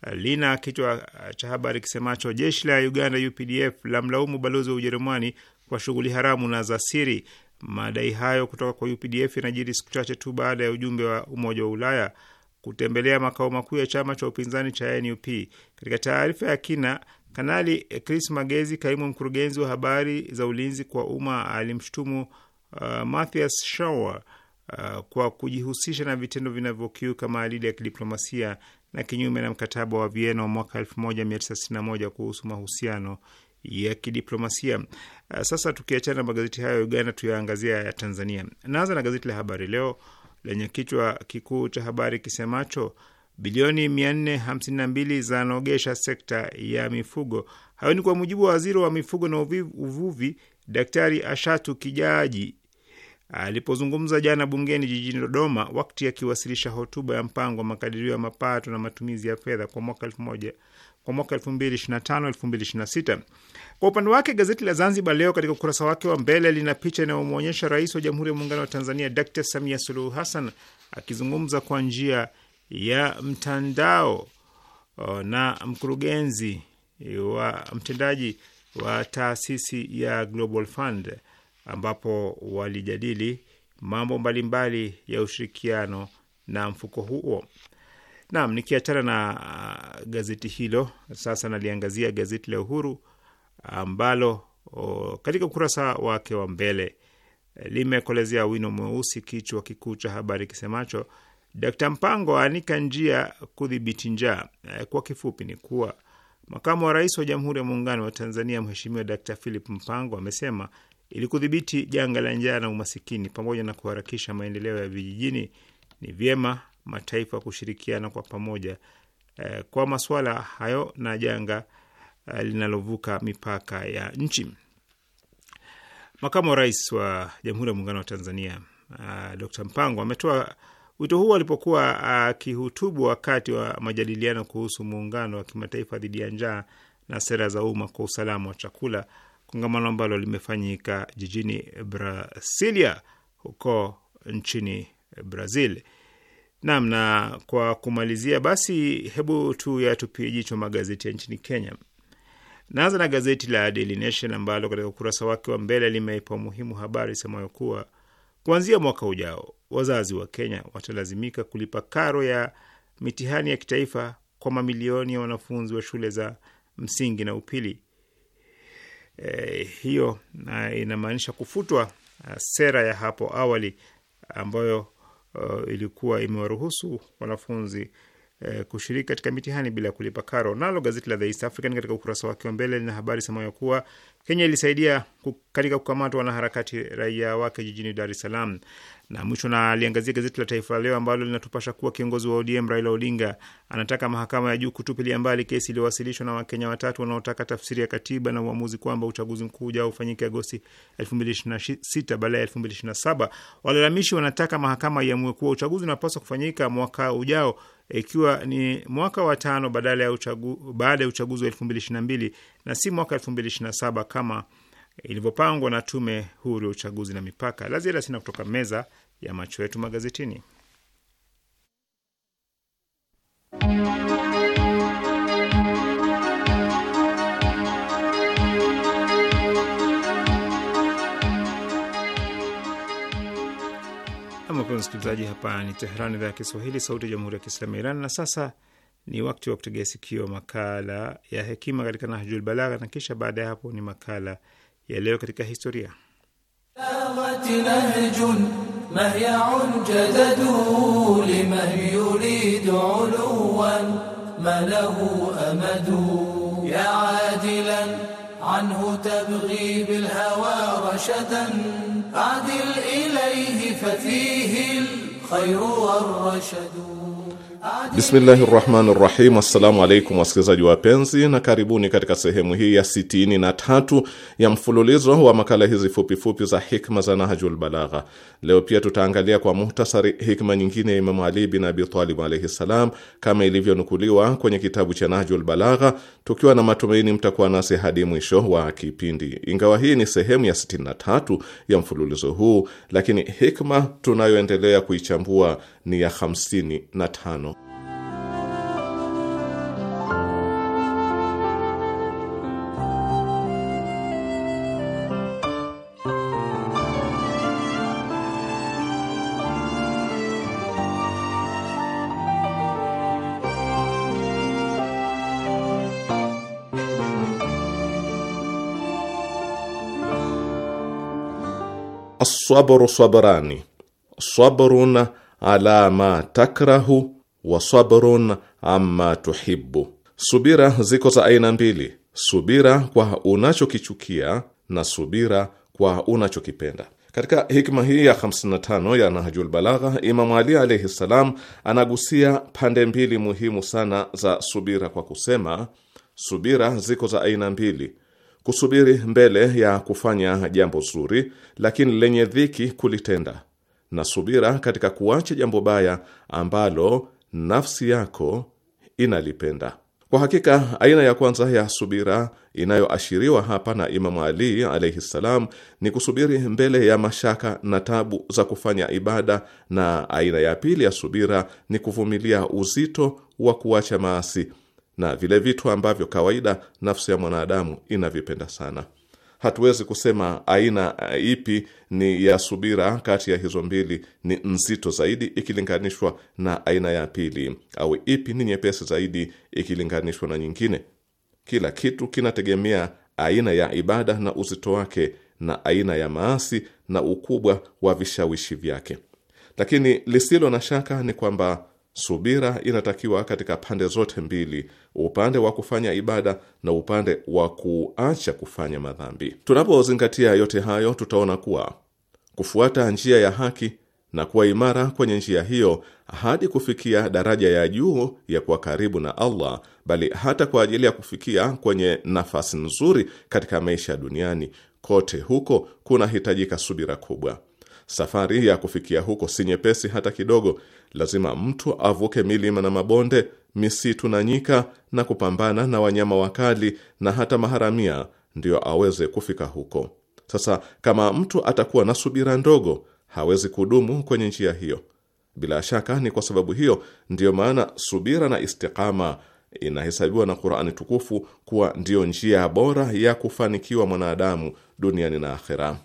uh, lina kichwa uh, cha habari kisemacho jeshi la Uganda UPDF la mlaumu balozi wa Ujerumani kwa shughuli haramu na za siri. Madai hayo kutoka kwa UPDF yanajiri siku chache tu baada ya ujumbe wa Umoja wa Ulaya kutembelea makao makuu ya chama cha upinzani cha NUP. Katika taarifa ya kina, Kanali Chris Magezi, kaimu mkurugenzi wa habari za ulinzi kwa umma, alimshutumu uh, Mathias Shauer uh, kwa kujihusisha na vitendo vinavyokiuka maadili ya kidiplomasia na kinyume na mkataba wa Vienna wa mwaka 1961 kuhusu mahusiano ya kidiplomasia. Uh, sasa tukiachana na magazeti hayo ya Uganda, tuyaangazia ya Tanzania. Naanza na gazeti la Habari Leo lenye kichwa kikuu cha habari kisemacho bilioni 452 zanogesha sekta ya mifugo. Hayo ni kwa mujibu wa waziri wa mifugo na uvuvi Daktari Ashatu Kijaji alipozungumza jana bungeni jijini Dodoma wakati akiwasilisha hotuba ya mpango wa makadirio ya mapato na matumizi ya fedha kwa mwaka elfu moja kwa mwaka 2025 2026. Kwa upande wake gazeti la Zanzibar Leo katika ukurasa wake wa mbele lina picha inayomwonyesha Rais wa Jamhuri ya Muungano wa Tanzania Dr Samia Suluhu Hassan akizungumza kwa njia ya mtandao uh, na mkurugenzi wa mtendaji wa taasisi ya Global Fund ambapo walijadili mambo mbalimbali ya ushirikiano na mfuko huo. Naam, nikiachana na ah, gazeti hilo sasa naliangazia gazeti la Uhuru ambalo o, katika ukurasa wake wa mbele eh, limekolezea wino mweusi kichwa kikuu cha habari kisemacho Dkt Mpango aanika njia kudhibiti njaa. Eh, kwa kifupi ni kuwa makamu wa rais wa Jamhuri ya Muungano wa Tanzania Mheshimiwa Dkt Philip Mpango amesema ili kudhibiti janga la njaa na umasikini pamoja na kuharakisha maendeleo ya vijijini ni vyema mataifa kushirikiana kwa pamoja eh, kwa masuala hayo na janga eh, linalovuka mipaka ya nchi. Makamu wa Rais wa Jamhuri ya Muungano wa Tanzania uh, eh, Dr. Mpango ametoa wito huu alipokuwa akihutubu uh, wakati wa majadiliano kuhusu muungano wa kimataifa dhidi ya njaa na sera za umma kwa usalama wa chakula, kongamano ambalo limefanyika jijini Brasilia huko nchini Brazil. Naam, na kwa kumalizia basi, hebu tu yatupie jicho magazeti ya nchini Kenya. Naanza na gazeti la Daily Nation ambalo katika ukurasa wake wa mbele limeipa umuhimu habari semayo kuwa kuanzia mwaka ujao wazazi wa Kenya watalazimika kulipa karo ya mitihani ya kitaifa kwa mamilioni ya wanafunzi wa shule za msingi na upili. E, hiyo inamaanisha kufutwa e, sera ya hapo awali ambayo uh, ilikuwa imewaruhusu wanafunzi eh, kushiriki katika mitihani bila kulipa karo. Nalo gazeti la The East African katika ukurasa wake wa mbele lina habari semayo kuwa Kenya ilisaidia katika kukamatwa wanaharakati raia wake jijini Dar es Salaam. Na mwisho na aliangazia gazeti la Taifa Leo ambalo linatupasha kuwa kiongozi wa ODM Raila Odinga anataka mahakama ya juu kutupilia mbali kesi iliyowasilishwa na Wakenya watatu wanaotaka tafsiri ya katiba na uamuzi kwamba uchaguzi mkuu ujao ufanyike Agosti 2026 badala ya 2027. Walalamishi wanataka mahakama iamue kuwa uchaguzi unapaswa kufanyika mwaka ujao ikiwa ni mwaka wa tano badala ya uchagu, baada ya uchaguzi wa 2022 na si mwaka 2027 kama ilivyopangwa na Tume Huru ya Uchaguzi na Mipaka. La ziada sina kutoka meza ya macho yetu magazetini. Wapenzi msikilizaji, hapa ni Teheran, idhaa ya Kiswahili, sauti ya jamhuri ya kiislamu ya Iran. Na sasa ni wakati wa kutegea sikio makala ya hekima katika Nahjul Balagha, na kisha baada ya hapo ni makala ya leo katika historia. عنه تبغي بالهوى رشدا عدل إليه ففيه الخير والرشد Bismillahi rahmani rahim. Assalamu alaikum wasikilizaji wapenzi, na karibuni katika sehemu hii ya sitini na tatu ya mfululizo wa makala hizi fupifupi za hikma za Nahjul Balagha. Leo pia tutaangalia kwa muhtasari hikma nyingine ya Imamu Ali bin Abi Talib alaihi salam, kama ilivyonukuliwa kwenye kitabu cha Nahjul Balagha, tukiwa na matumaini mtakuwa nasi hadi mwisho wa kipindi. Ingawa hii ni sehemu ya sitini na tatu ya mfululizo huu, lakini hikma tunayoendelea kuichambua ni ya hamsini na tano sabru sabrani sabrun ala ma takrahu wa sabrun amma tuhibbu, subira ziko za aina mbili, subira kwa unachokichukia na subira kwa unachokipenda. Katika hikma hii ya 55 ya Nahjul Balagha, Imamu Ali alayhi salam anagusia pande mbili muhimu sana za subira kwa kusema, subira ziko za aina mbili kusubiri mbele ya kufanya jambo zuri, lakini lenye dhiki kulitenda, na subira katika kuacha jambo baya ambalo nafsi yako inalipenda. Kwa hakika aina ya kwanza ya subira inayoashiriwa hapa na Imamu Ali alaihi ssalam ni kusubiri mbele ya mashaka na tabu za kufanya ibada, na aina ya pili ya subira ni kuvumilia uzito wa kuacha maasi na vile vitu ambavyo kawaida nafsi ya mwanadamu inavipenda sana. Hatuwezi kusema aina eh, ipi ni ya subira kati ya hizo mbili ni nzito zaidi ikilinganishwa na aina ya pili, au ipi ni nyepesi zaidi ikilinganishwa na nyingine. Kila kitu kinategemea aina ya ibada na uzito wake na aina ya maasi na ukubwa wa vishawishi vyake, lakini lisilo na shaka ni kwamba Subira inatakiwa katika pande zote mbili, upande wa kufanya ibada na upande wa kuacha kufanya madhambi. Tunapozingatia yote hayo, tutaona kuwa kufuata njia ya haki na kuwa imara kwenye njia hiyo hadi kufikia daraja ya juu ya kuwa karibu na Allah, bali hata kwa ajili ya kufikia kwenye nafasi nzuri katika maisha duniani, kote huko kunahitajika subira kubwa. Safari ya kufikia huko si nyepesi hata kidogo, lazima mtu avuke milima na mabonde, misitu na nyika, na kupambana na wanyama wakali na hata maharamia ndiyo aweze kufika huko. Sasa kama mtu atakuwa na subira ndogo, hawezi kudumu kwenye njia hiyo. Bila shaka ni kwa sababu hiyo ndiyo maana subira na istiqama inahesabiwa na Qur'ani tukufu kuwa ndiyo njia bora ya kufanikiwa mwanadamu duniani na akhera.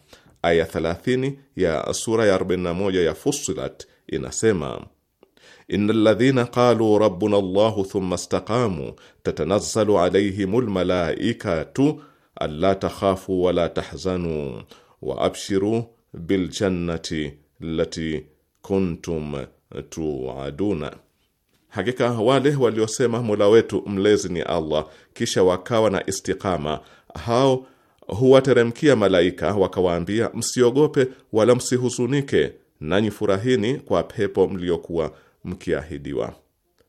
Aya 30 ya sura ya 41 ya Fusilat inasema inna ladhina qalu rabbuna Allahu thumma istaqamu tatanazzalu alayhim almalaikatu alla takhafu wala tahzanu wa abshiru biljannati lati kuntum tuaduna, hakika wale waliosema Mola wetu mlezi ni Allah, kisha wakawa na istiqama, hao huwateremkia malaika wakawaambia, msiogope wala msihuzunike, nanyi furahini kwa pepo mliokuwa mkiahidiwa.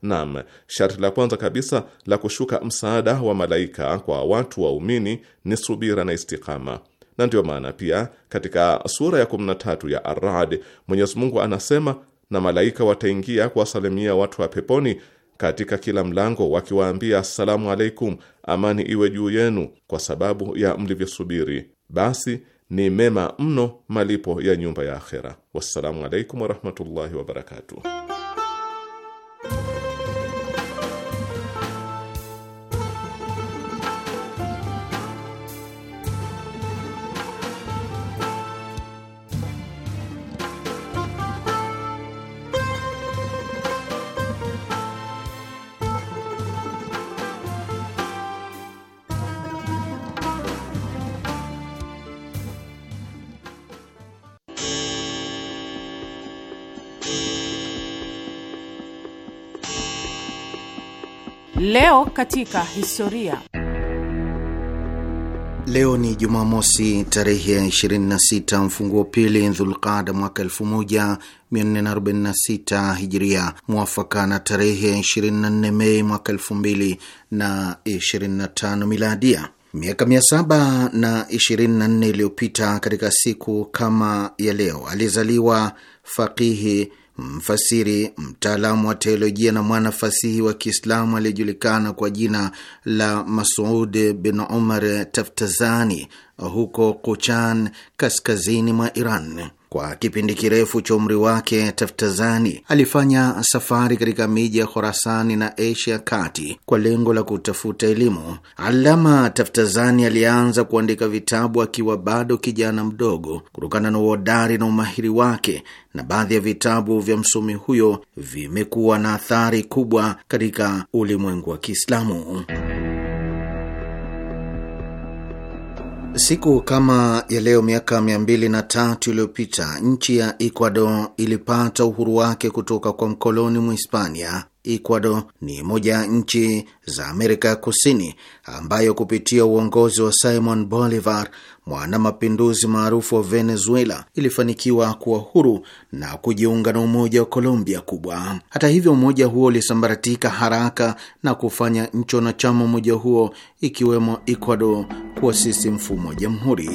Naam, sharti la kwanza kabisa la kushuka msaada wa malaika kwa watu waumini ni subira na istikama, na ndiyo maana pia katika sura ya 13 ya ar mwenyezimungu Mwenyezi Mungu anasema, na malaika wataingia kuwasalimia watu wa peponi katika kila mlango wakiwaambia, assalamu alaikum, amani iwe juu yenu, kwa sababu ya mlivyosubiri, basi ni mema mno malipo ya nyumba ya akhera. Wassalamu alaikum warahmatullahi wabarakatuh. Leo katika historia. Leo ni Jumamosi tarehe ya 26 mfunguo pili Dhulqada mwaka 1446 Hijiria, mwafaka na tarehe ya 24 Mei mwaka 2025 Miladia. Miaka mia saba na ishirini na nne iliyopita katika siku kama ya leo alizaliwa faqihi mfasiri, mtaalamu wa teolojia na mwanafasihi wa Kiislamu aliyejulikana kwa jina la Masud bin Umar Taftazani huko Kuchan, kaskazini mwa Iran. Kwa kipindi kirefu cha umri wake, Taftazani alifanya safari katika miji ya Khorasani na Asia Kati kwa lengo la kutafuta elimu. Alama Taftazani alianza kuandika vitabu akiwa bado kijana mdogo, kutokana na uhodari na umahiri wake, na baadhi ya vitabu vya msomi huyo vimekuwa na athari kubwa katika ulimwengu wa Kiislamu. Siku kama ya leo miaka mia mbili na tatu iliyopita nchi ya Ecuador ilipata uhuru wake kutoka kwa mkoloni Mhispania. Ecuador ni moja ya nchi za Amerika ya Kusini ambayo kupitia uongozi wa Simon Bolivar mwana mapinduzi maarufu wa Venezuela, ilifanikiwa kuwa huru na kujiunga na umoja wa Colombia kubwa. Hata hivyo, umoja huo ulisambaratika haraka na kufanya nchi wanachama umoja huo ikiwemo Ecuador kuasisi mfumo wa jamhuri.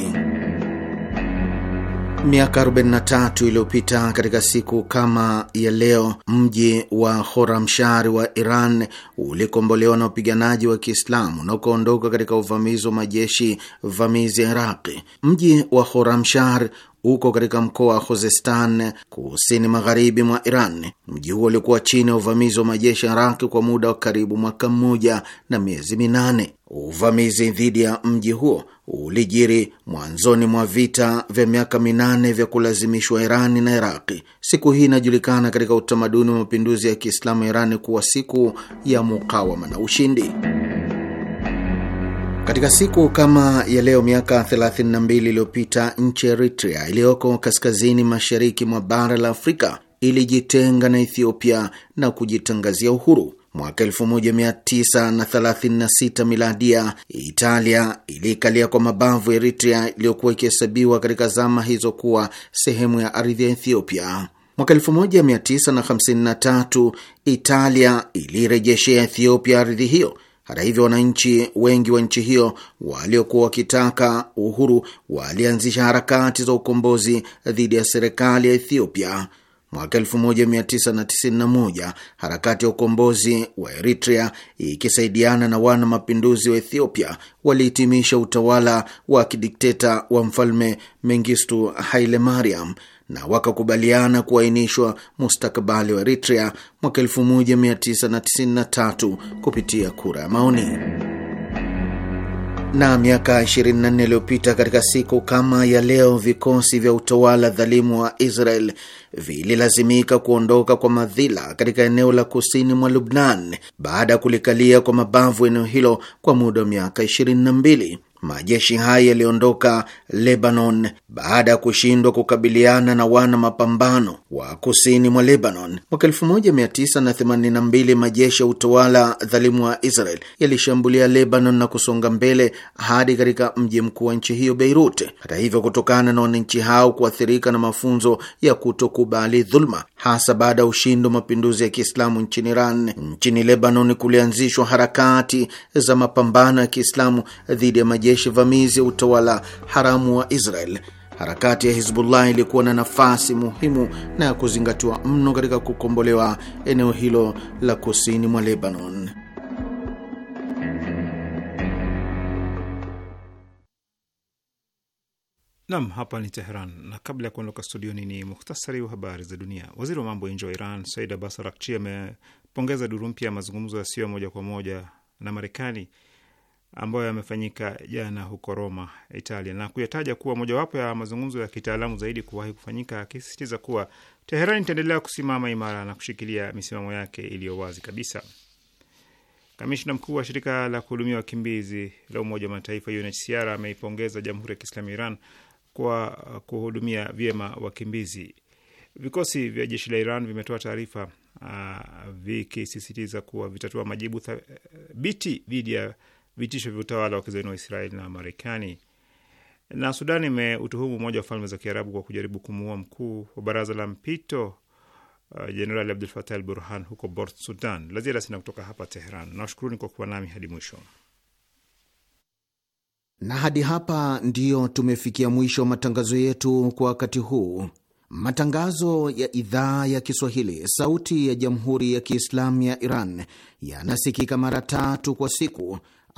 Miaka 43 iliyopita katika siku kama ya leo, mji wa Horamshari wa Iran ulikombolewa na wapiganaji wa Kiislamu na ukaondoka katika uvamizi wa majeshi vamizi ya Iraqi. Mji wa Horamshar uko katika mkoa wa Khuzestan kusini magharibi mwa Iran. Mji huo ulikuwa chini ya uvamizi wa majeshi ya iraqi kwa muda wa karibu mwaka mmoja na miezi minane. Uvamizi dhidi ya mji huo ulijiri mwanzoni mwa vita vya miaka minane vya kulazimishwa Irani na Iraqi. Siku hii inajulikana katika utamaduni wa mapinduzi ya Kiislamu ya Irani kuwa siku ya mukawama na ushindi. Katika siku kama ya leo miaka 32 iliyopita nchi ya Eritrea iliyoko kaskazini mashariki mwa bara la Afrika ilijitenga na Ethiopia na kujitangazia uhuru. Mwaka 1936 miladia, Italia iliikalia kwa mabavu Eritrea iliyokuwa ikihesabiwa katika zama hizo kuwa sehemu ya ardhi ya Ethiopia. Mwaka 1953 Italia ilirejeshea Ethiopia ardhi hiyo hata hivyo, wananchi wengi wa nchi hiyo waliokuwa wakitaka uhuru walianzisha harakati za ukombozi dhidi ya serikali ya Ethiopia. Mwaka 1991 harakati ya ukombozi wa Eritrea ikisaidiana na wana mapinduzi wa Ethiopia walihitimisha utawala wa kidikteta wa mfalme Mengistu Haile Mariam na wakakubaliana kuainishwa mustakabali wa Eritrea mwaka 1993 kupitia kura ya maoni. Na miaka 24 iliyopita katika siku kama ya leo, vikosi vya utawala dhalimu wa Israel vililazimika kuondoka kwa madhila katika eneo la kusini mwa Lubnan baada ya kulikalia kwa mabavu eneo hilo kwa muda wa miaka 22. Majeshi haya yaliondoka Lebanon baada ya kushindwa kukabiliana na wana mapambano wa kusini mwa Lebanon. Mwaka 1982 majeshi ya utawala dhalimu wa Israel yalishambulia Lebanon na kusonga mbele hadi katika mji mkuu wa nchi hiyo Beirut. Hata hivyo, kutokana na wananchi hao kuathirika na mafunzo ya kutokubali dhuluma, hasa baada ya ushindi wa mapinduzi ya Kiislamu nchini Iran, nchini Lebanon kulianzishwa harakati za mapambano ya Kiislamu dhidi ya majeshi majeshi vamizi ya utawala haramu wa Israel, harakati ya Hizbullah ilikuwa na nafasi muhimu na ya kuzingatiwa mno katika kukombolewa eneo hilo la kusini mwa Lebanon. Nam, hapa ni Teheran, na kabla ya kuondoka studioni ni muhtasari wa habari za dunia. Waziri wa mambo ya nje wa Iran Said Abbas Arakchi amepongeza duru mpya ya mazungumzo yasiyo moja kwa moja na Marekani ambayo yamefanyika jana huko Roma, Italia, na kuyataja kuwa mojawapo ya mazungumzo ya kitaalamu zaidi kuwahi kufanyika, akisisitiza kuwa Teherani itaendelea kusimama imara na kushikilia misimamo yake iliyo wazi kabisa. Kamishna mkuu wa shirika la kuhudumia wakimbizi la Umoja wa Mataifa UNHCR ameipongeza Jamhuri ya Kiislamu Iran kwa kuhudumia vyema wakimbizi. Vikosi vya jeshi la Iran vimetoa taarifa ah, vikisisitiza kuwa vitatua majibu thabiti dhidi ya vitisho vya utawala wa kizayuni wa Israeli na Marekani. Na Sudan imeutuhumu Umoja wa Falme za Kiarabu kwa kujaribu kumuua mkuu wa baraza la mpito uh, Jenerali uh, Abdul Fatah al Burhan huko Bort, Sudan. La ziada sina kutoka hapa Teheran. Nawashukuruni kwa kuwa nami hadi mwisho na hadi hapa ndiyo tumefikia mwisho wa matangazo yetu kwa wakati huu. Matangazo ya idhaa ya Kiswahili sauti ya jamhuri ya Kiislamu ya Iran yanasikika mara tatu kwa siku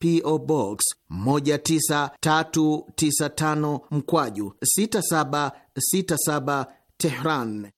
PO Box 19395 mkwaju 6767 Tehran.